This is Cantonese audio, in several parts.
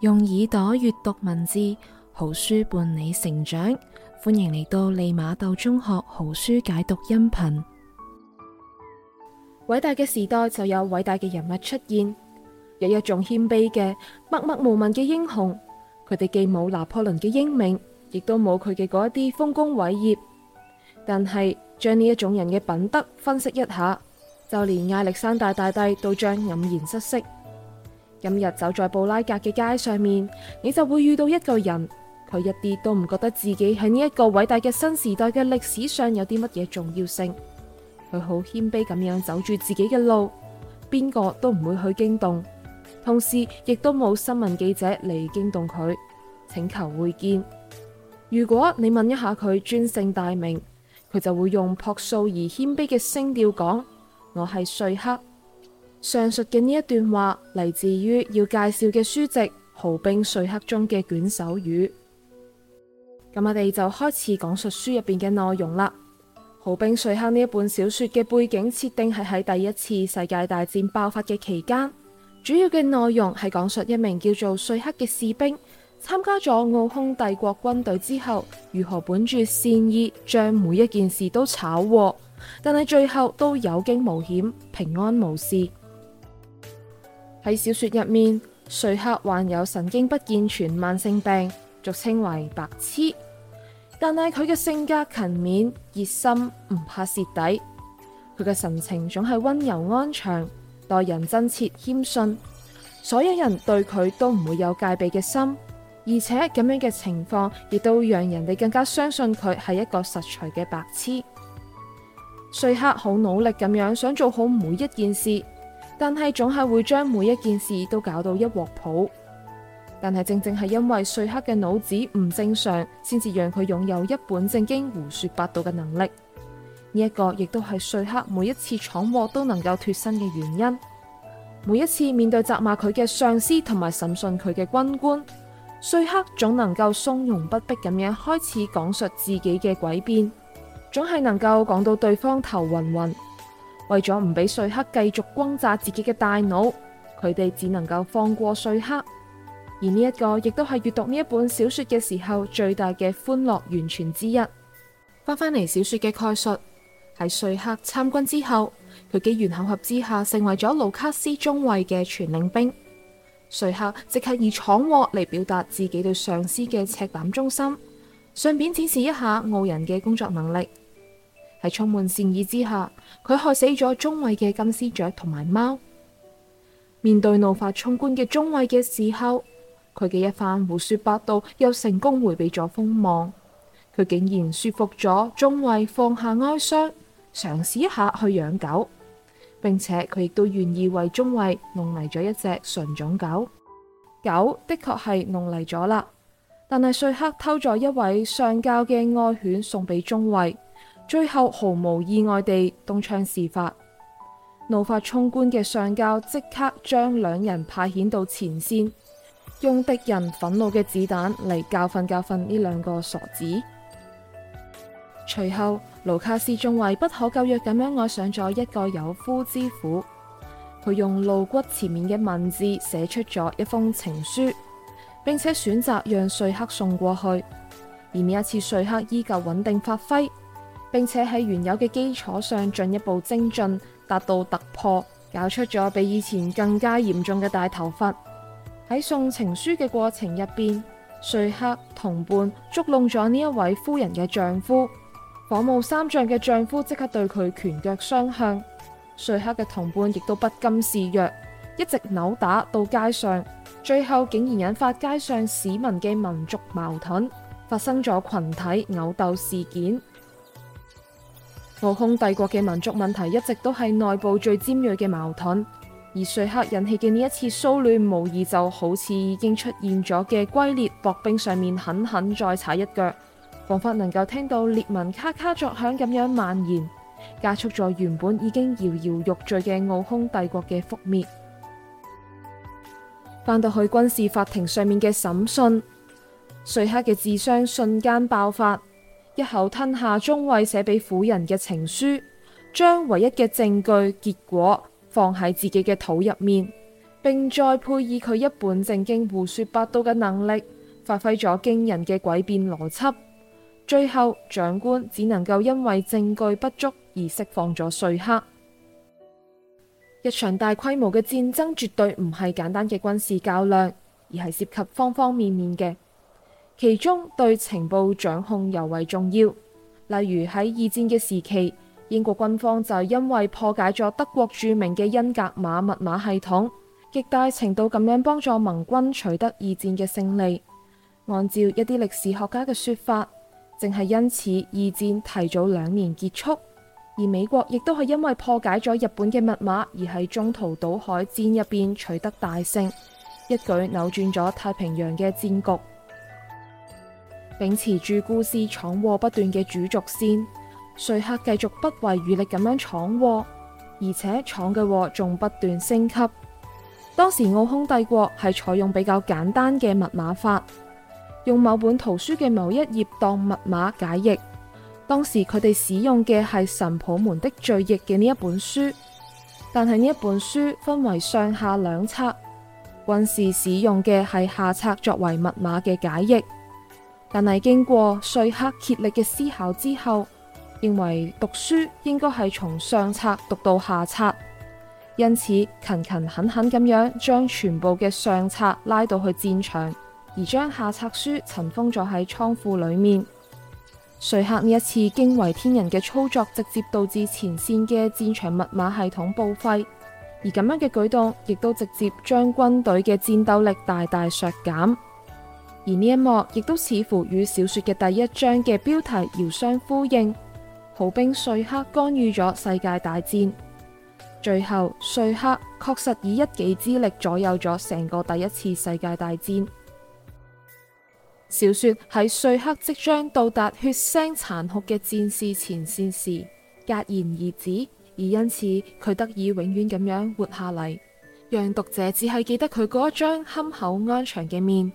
用耳朵閱讀文字，好書伴你成長。歡迎嚟到利馬竇中學好書解讀音頻。偉大嘅時代就有偉大嘅人物出現，有一種謙卑嘅默默無聞嘅英雄，佢哋既冇拿破崙嘅英明，亦都冇佢嘅嗰一啲豐功偉業。但係將呢一種人嘅品德分析一下，就連亞歷山大大帝都將黯然失色。今日走在布拉格嘅街上面，你就會遇到一個人，佢一啲都唔覺得自己喺呢一個偉大嘅新時代嘅歷史上有啲乜嘢重要性。佢好謙卑咁樣走住自己嘅路，邊個都唔會去驚動，同時亦都冇新聞記者嚟驚動佢，請求會見。如果你問一下佢尊姓大名，佢就會用朴素而謙卑嘅聲調講：我係帥克。上述嘅呢一段話嚟自於要介紹嘅書籍《好兵帥克》中嘅卷首語。咁我哋就開始講述書入邊嘅內容啦。《好兵帥克》呢一本小說嘅背景設定係喺第一次世界大戰爆發嘅期間，主要嘅內容係講述一名叫做帥克嘅士兵參加咗奧匈帝國軍隊之後，如何本住善意，將每一件事都炒鑊，但係最後都有驚無險，平安無事。喺小說入面，帥克患有神經不健全慢性病，俗稱為白痴。但係佢嘅性格勤勉、熱心，唔怕蝕底。佢嘅神情總係溫柔安詳，待人真切謙遜，所有人對佢都唔會有戒備嘅心。而且咁樣嘅情況亦都讓人哋更加相信佢係一個實錘嘅白痴。帥克好努力咁樣想做好每一件事。但係總係會將每一件事都搞到一鑊泡，但係正正係因為帥克嘅腦子唔正常，先至讓佢擁有一本正經胡說八道嘅能力。呢一個亦都係帥克每一次闖禍都能夠脱身嘅原因。每一次面對責罵佢嘅上司同埋審訊佢嘅軍官，帥克總能夠從容不迫咁樣開始講述自己嘅詭辯，總係能夠講到對方頭暈暈。為咗唔俾帥克繼續轟炸自己嘅大腦，佢哋只能夠放過帥克。而呢一個亦都係閱讀呢一本小說嘅時候最大嘅歡樂源泉之一。翻返嚟小說嘅概述，喺帥克參軍之後，佢機緣巧合之下成為咗盧卡斯中尉嘅傳令兵。帥克即刻以闖禍嚟表達自己對上司嘅赤膽忠心，順便展示一下傲人嘅工作能力。喺充滿善意之下，佢害死咗中尉嘅金絲雀同埋貓。面對怒髮衝冠嘅中尉嘅時候，佢嘅一番胡說八道又成功回避咗鋒芒。佢竟然說服咗中尉放下哀傷，嘗試一下去養狗，並且佢亦都願意為中尉弄嚟咗一隻純種狗。狗的確係弄嚟咗啦，但係帥克偷咗一位上教嘅愛犬送俾中尉。最後毫無意外地東窗事發，怒髮衝冠嘅上校即刻將兩人派遣到前線，用敵人憤怒嘅子彈嚟教訓教訓呢兩個傻子。隨後，盧卡斯仲為不可救藥咁樣愛上咗一個有夫之婦，佢用露骨前面嘅文字寫出咗一封情書，並且選擇讓瑞克送過去。而每一次，瑞克依舊穩定發揮。並且喺原有嘅基礎上進一步精進，達到突破，搞出咗比以前更加嚴重嘅大頭髮。喺送情書嘅過程入邊，帥克同伴捉弄咗呢一位夫人嘅丈夫，火冒三丈嘅丈夫即刻對佢拳腳相向。帥克嘅同伴亦都不甘示弱，一直扭打到街上，最後竟然引發街上市民嘅民族矛盾，發生咗群體毆鬥事件。奧匈帝國嘅民族問題一直都係內部最尖銳嘅矛盾，而帥克引起嘅呢一次騷亂，無疑就好似已經出現咗嘅龜裂薄冰上面狠狠再踩一腳，仿佛能夠聽到裂紋咔咔作響咁樣蔓延，加速咗原本已經搖搖欲墜嘅奧匈帝國嘅覆滅。翻到去軍事法庭上面嘅審訊，帥克嘅智商瞬間爆發。一口吞下中尉寫俾婦人嘅情書，將唯一嘅證據結果放喺自己嘅肚入面，並再配以佢一本正經胡說八道嘅能力，發揮咗驚人嘅詭辯邏輯。最後，長官只能夠因為證據不足而釋放咗帥克。一場大規模嘅戰爭絕對唔係簡單嘅軍事較量，而係涉及方方面面嘅。其中對情報掌控，尤為重要，例如喺二戰嘅時期，英國軍方就係因為破解咗德國著名嘅恩格瑪密碼系統，極大程度咁樣幫助盟軍取得二戰嘅勝利。按照一啲歷史學家嘅說法，正係因此二戰提早兩年結束，而美國亦都係因為破解咗日本嘅密碼而喺中途島海戰入邊取得大勝，一舉扭轉咗太平洋嘅戰局。秉持住故事闖禍不斷嘅主軸線，帥克繼續不遺餘力咁樣闖禍，而且闖嘅禍仲不斷升級。當時奧匈帝國係採用比較簡單嘅密碼法，用某本圖書嘅某一頁當密碼解譯。當時佢哋使用嘅係神甫們的罪孽嘅呢一本書，但係呢一本書分為上下兩冊，軍事使用嘅係下冊作為密碼嘅解譯。但係經過帥克竭力嘅思考之後，認為讀書應該係從上冊讀到下冊，因此勤勤懇懇咁樣將全部嘅上冊拉到去戰場，而將下冊書塵封咗喺倉庫裏面。帥克呢一次驚為天人嘅操作，直接導致前線嘅戰場密碼系統報廢，而咁樣嘅舉動亦都直接將軍隊嘅戰鬥力大大削減。而呢一幕亦都似乎與小說嘅第一章嘅標題遙相呼應。好兵帥克干預咗世界大戰，最後帥克確實以一己之力左右咗成個第一次世界大戰。小說喺帥克即將到達血腥殘酷嘅戰事前線時戛然而止，而因此佢得以永遠咁樣活下嚟，讓讀者只係記得佢嗰一張憨厚安詳嘅面。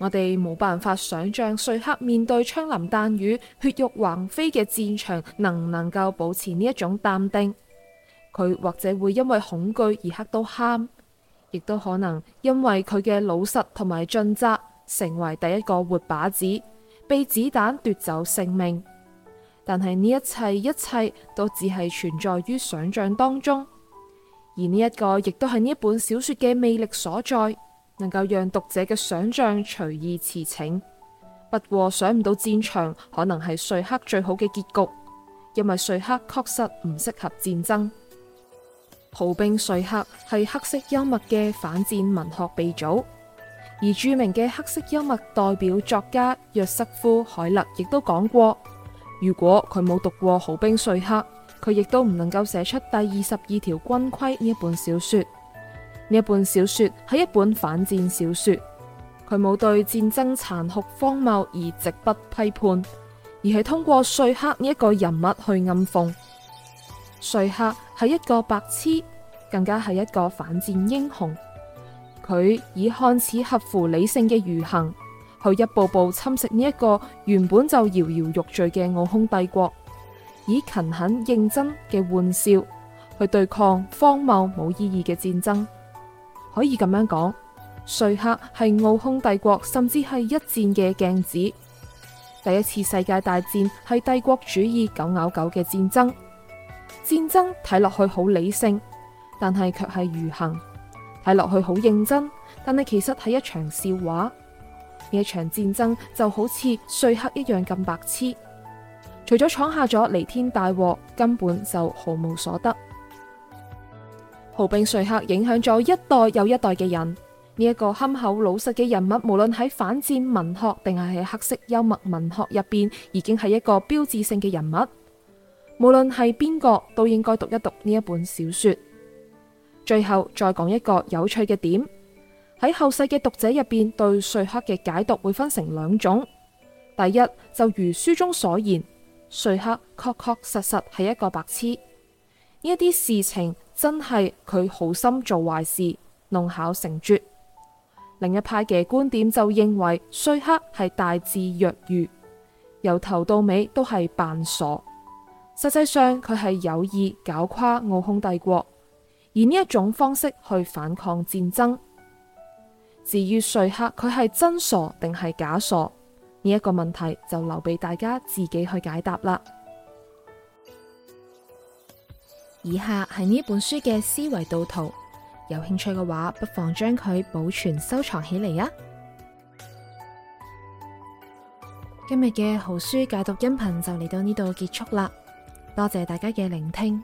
我哋冇辦法想象帥克面對槍林彈雨、血肉橫飛嘅戰場，能唔能夠保持呢一種淡定？佢或者會因為恐懼而嚇到喊，亦都可能因為佢嘅老實同埋盡責，成為第一個活靶子，被子彈奪走性命。但係呢一切一切都只係存在於想象當中，而呢一個亦都係呢本小說嘅魅力所在。能夠讓讀者嘅想象隨意馳騁，不過想唔到戰場可能係帥克最好嘅結局，因為帥克確實唔適合戰爭。《好兵帥克》係黑色幽默嘅反戰文學鼻祖，而著名嘅黑色幽默代表作家約瑟夫·海勒亦都講過，如果佢冇讀過《好兵帥克》，佢亦都唔能夠寫出《第二十二條軍規》呢一本小說。呢一本小說係一本反戰小說，佢冇對戰爭殘酷荒謬而直不批判，而係通過帥克呢一個人物去暗諷。帥克係一個白痴，更加係一個反戰英雄。佢以看似合乎理性嘅愚行，去一步步侵蝕呢一個原本就搖搖欲墜嘅奧匈帝國，以勤懇認真嘅玩笑去對抗荒謬冇意義嘅戰爭。可以咁樣講，帥克係奧匈帝國，甚至係一戰嘅鏡子。第一次世界大戰係帝國主義狗咬狗嘅戰爭，戰爭睇落去好理性，但係卻係愚行；睇落去好認真，但係其實係一場笑話。呢場戰爭就好似帥克一樣咁白痴，除咗闖下咗彌天大禍，根本就毫無所得。好兵帥克影響咗一代又一代嘅人，呢、這、一個憨厚老實嘅人物，無論喺反戰文學定係喺黑色幽默文學入邊，已經係一個標誌性嘅人物。無論係邊個，都應該讀一讀呢一本小說。最後再講一個有趣嘅點：喺後世嘅讀者入邊，對帥克嘅解讀會分成兩種。第一，就如書中所言，帥克確確，確實實係一個白痴。呢一啲事情真係佢好心做壞事，弄巧成拙。另一派嘅觀點就認為，帥克係大智若愚，由頭到尾都係扮傻。實際上佢係有意搞垮奧匈帝國，以呢一種方式去反抗戰爭。至於帥克佢係真傻定係假傻，呢一個問題就留俾大家自己去解答啦。以下係呢本書嘅思維導圖，有興趣嘅話，不妨將佢保存收藏起嚟啊！今日嘅好書解讀音頻就嚟到呢度結束啦，多謝大家嘅聆聽。